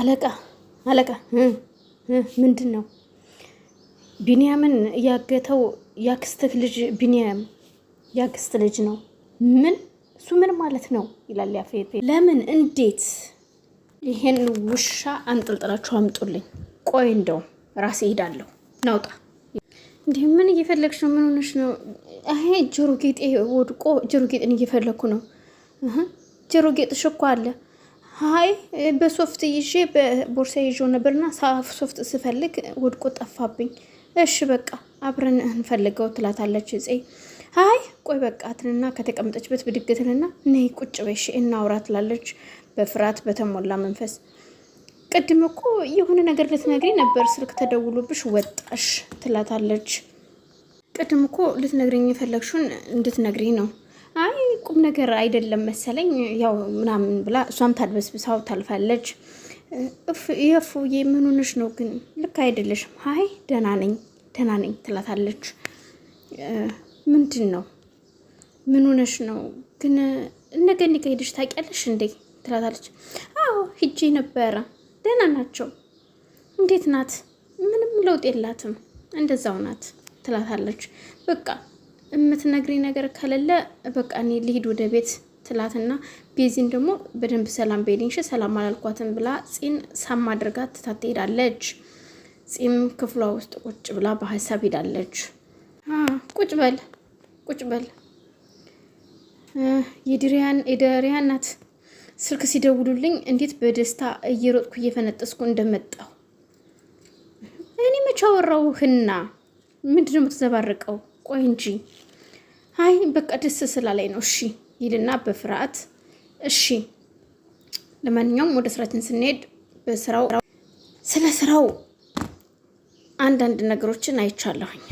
አለቃ አለቃ ምንድን ነው ቢንያምን ያገተው ያክስትህ ልጅ ቢንያም ያክስት ልጅ ነው ምን እሱ ምን ማለት ነው ይላል ያፌት ለምን እንዴት ይሄን ውሻ አንጠልጥላችሁ አምጡልኝ ቆይ እንደው ራሴ ሄዳለሁ ናውጣ እንዲህ ምን እየፈለግሽ ነው ምን ሆነሽ ነው ይሄ ጆሮ ጌጤ ወድቆ ጆሮ ጌጥን እየፈለግኩ ነው ጆሮ ጌጥሽ እኮ አለ አይ በሶፍት ይዤ በቦርሳ ይዤው ነበርና ሶፍት ስፈልግ ወድቆ ጠፋብኝ። እሺ በቃ አብረን እንፈልገው ትላታለች እፄ። አይ ቆይ በቃ ትንና ከተቀመጠችበት ብድግ ነይ ቁጭ በሽ እናውራ ትላለች በፍርሃት በተሞላ መንፈስ። ቅድም እኮ የሆነ ነገር ልትነግሪ ነበር ስልክ ተደውሎብሽ ወጣሽ ትላታለች። ቅድም እኮ ልትነግሪኝ የፈለግሽውን እንድትነግሪ ነው ቁም ነገር አይደለም መሰለኝ ያው ምናምን ብላ እሷም ታድበስብሳው ታልፋለች። የእፉዬ ምን ነው ግን ልክ አይደለሽም። ሀይ ደህና ነኝ ደህና ነኝ ትላታለች። ምንድን ነው ምን ሆነሽ ነው ግን እነገኒ ጋ ሄደሽ ታውቂያለሽ እንዴ ትላታለች። አዎ ሂጄ ነበረ ደህና ናቸው። እንዴት ናት? ምንም ለውጥ የላትም እንደዛው ናት ትላታለች። በቃ የምትነግሪ ነገር ከሌለ በቃ እኔ ልሂድ ወደ ቤት ትላትና ቤዚን ደግሞ በደንብ ሰላም በሄድንሽ ሰላም አላልኳትም ብላ ፂን ሳም አድርጋ ትታት ትሄዳለች። ፂም ክፍሏ ውስጥ ቁጭ ብላ በሀሳብ ሄዳለች። ቁጭ በል ቁጭ በል የድሪያን የደሪያን ናት። ስልክ ሲደውሉልኝ እንዴት በደስታ እየሮጥኩ እየፈነጠስኩ እንደመጣሁ እኔ መቼ አወራሁህና ምንድነው የምትዘባርቀው? ቆይ እንጂ አይ በቃ ደስ ስላለኝ ነው እሺ ይልና በፍርሃት እሺ። ለማንኛውም ወደ ስራችን ስንሄድ በስራው ስለ ስራው አንዳንድ ነገሮችን አይቻለሁኝ።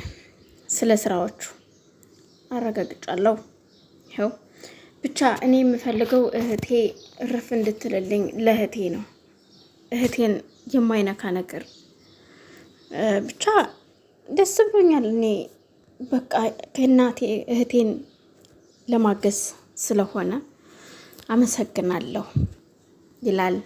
ስለ ስራዎቹ አረጋግጫለሁ። ይኸው ብቻ እኔ የምፈልገው እህቴ እርፍ እንድትልልኝ ለእህቴ ነው። እህቴን የማይነካ ነገር ብቻ ደስ ብሎኛል እኔ በቃ ከእናቴ እህቴን ለማገዝ ስለሆነ አመሰግናለሁ ይላል።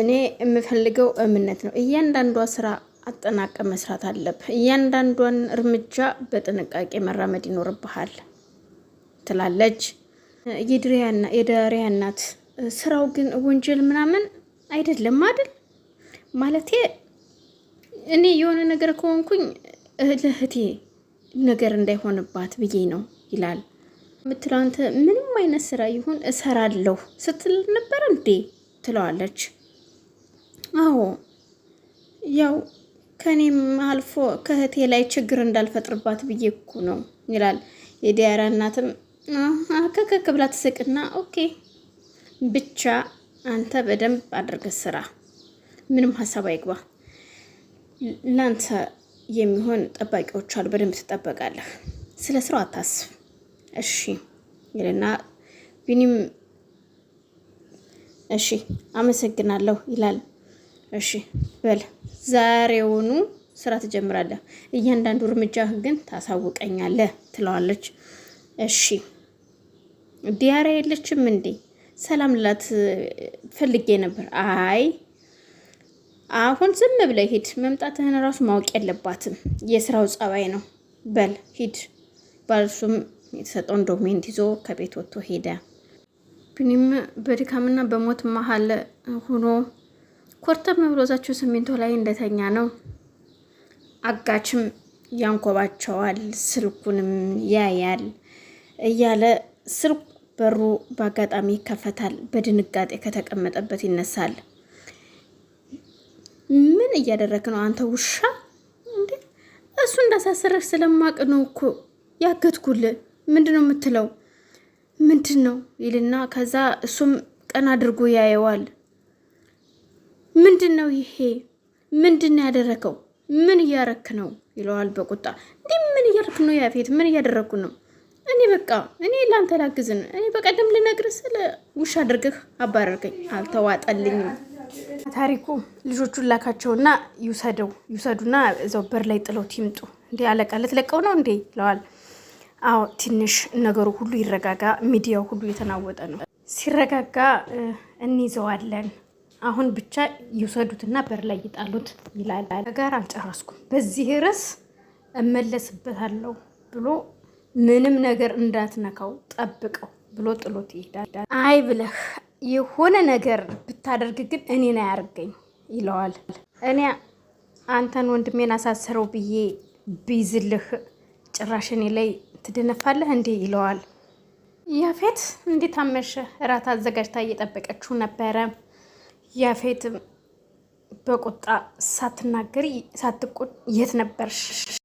እኔ የምፈልገው እምነት ነው። እያንዳንዷ ስራ አጠናቀ መስራት አለብህ። እያንዳንዷን እርምጃ በጥንቃቄ መራመድ ይኖርብሃል ትላለች የዳሪያ እናት። ስራው ግን ወንጀል ምናምን አይደለም አይደል? ማለቴ እኔ የሆነ ነገር ከሆንኩኝ ለእህቴ ነገር እንዳይሆንባት ብዬ ነው ይላል። የምትለው አንተ ምንም አይነት ስራ ይሁን እሰራለሁ ስትል ነበር እንዴ ትለዋለች። አዎ ያው ከኔም አልፎ ከእህቴ ላይ ችግር እንዳልፈጥርባት ብዬ እኮ ነው ይላል። የዲያራ እናትም ከከክ ብላ ትስቅና ኦኬ ብቻ አንተ በደንብ አድርገህ ስራ፣ ምንም ሀሳብ አይግባ ላንተ የሚሆን ጠባቂዎች አሉ። በደንብ ትጠበቃለህ። ስለ ስራው አታስብ እሺ ይልና ቢኒም እሺ አመሰግናለሁ ይላል። እሺ በል ዛሬውኑ ስራ ትጀምራለህ። እያንዳንዱ እርምጃ ግን ታሳውቀኛለህ ትለዋለች። እሺ ዲያራ የለችም እንዴ? ሰላም ላት ፈልጌ ነበር። አይ አሁን ዝም ብለህ ሂድ። መምጣትህን ራሱ ማወቅ የለባትም የስራው ጸባይ ነው። በል ሂድ። ባልሱም የተሰጠውን ዶክሜንት ይዞ ከቤት ወጥቶ ሄደ። ቢኒም በድካምና በሞት መሀል ሆኖ ኮርተም ብሎዛቸው ስሚንቶ ላይ እንደተኛ ነው። አጋችም ያንኮባቸዋል፣ ስልኩንም ያያል እያለ ስልኩ በሩ በአጋጣሚ ይከፈታል። በድንጋጤ ከተቀመጠበት ይነሳል። ምን እያደረግ ነው አንተ ውሻ? እንዴ እሱ እንዳሳሰረህ ስለማቅ ነው እኮ ያገትኩል። ምንድን ነው የምትለው? ምንድን ነው ይልና ከዛ እሱም ቀን አድርጎ ያየዋል። ምንድን ነው ይሄ? ምንድን ነው ያደረከው? ምን እያረክ ነው ይለዋል በቁጣ። እንዲህ ምን እያረክ ነው ያፌት? ምን እያደረግኩ ነው እኔ? በቃ እኔ ላንተ ላግዝን። እኔ በቀደም ልነግርህ ስለ ውሻ አድርገህ አባረርከኝ፣ አልተዋጠልኝም ታሪኩ ልጆቹን ላካቸውና ይውሰደው ይውሰዱና እዛው በር ላይ ጥለው ይምጡ እንዴ አለቃ ልትለቀው ነው እንዴ ይለዋል። አዎ ትንሽ ነገሩ ሁሉ ይረጋጋ። ሚዲያው ሁሉ የተናወጠ ነው። ሲረጋጋ እንይዘዋለን። አሁን ብቻ ይውሰዱትና በር ላይ ይጣሉት ይላል። ጋር አልጨረስኩም፣ በዚህ ርዕስ እመለስበታለሁ ብሎ ምንም ነገር እንዳትነካው ጠብቀው ብሎ ጥሎት ይሄዳል። አይ ብለህ የሆነ ነገር ብታደርግ ግን እኔን አያርገኝ ይለዋል። እኔ አንተን ወንድሜን አሳሰረው ብዬ ብይዝልህ ጭራሽ እኔ ላይ ትደነፋለህ እንዴ? ይለዋል። ያፌት እንዴት አመሸ? እራት አዘጋጅታ እየጠበቀችው ነበረ። ያፌት በቁጣ ሳትናገሪ ሳትቁ የት ነበርሽ?